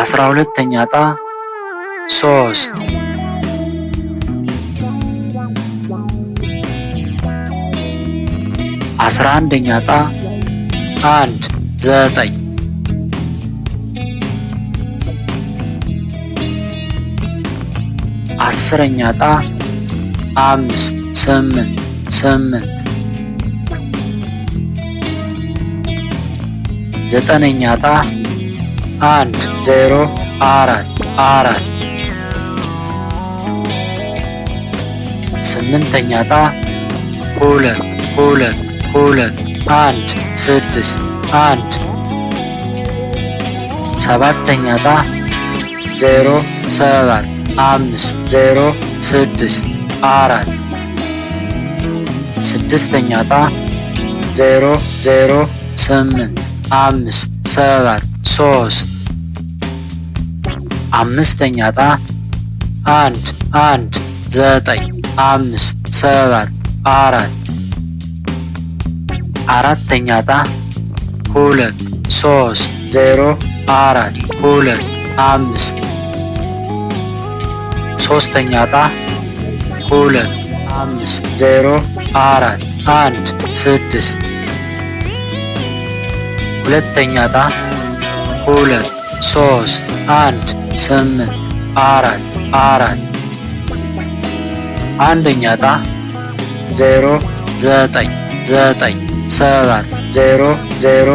አስራ ሁለተኛ ዕጣ ሶስት አስራ አንደኛ ጣ አንድ ዘጠኝ አስረኛ ጣ አምስት ስምንት ስምንት ዘጠነኛ ጣ አንድ ዜሮ አራት አራት ስምንተኛ ጣ ሁለት ሁለት ሁለት አንድ ስድስት አንድ ሰባተኛ ጣ ዜሮ ሰባት አምስት ዜሮ ስድስት አራት ስድስተኛ ጣ ዜሮ ዜሮ ስምንት አምስት ሰባት ሶስት አምስተኛ ጣ አንድ አንድ ዘጠኝ አምስት ሰባት አራት አራተኛ ጣ ሁለት ሶስት ዜሮ አራት ሁለት አምስት ሶስተኛ ዕጣ ሁለት አምስት ዜሮ አራት አንድ ስድስት ሁለተኛ ዕጣ ሁለት ሶስት አንድ ስምንት አራት አራት አንደኛ ዕጣ ዜሮ ዘጠኝ ዘጠኝ ሰባት ዜሮ ዜሮ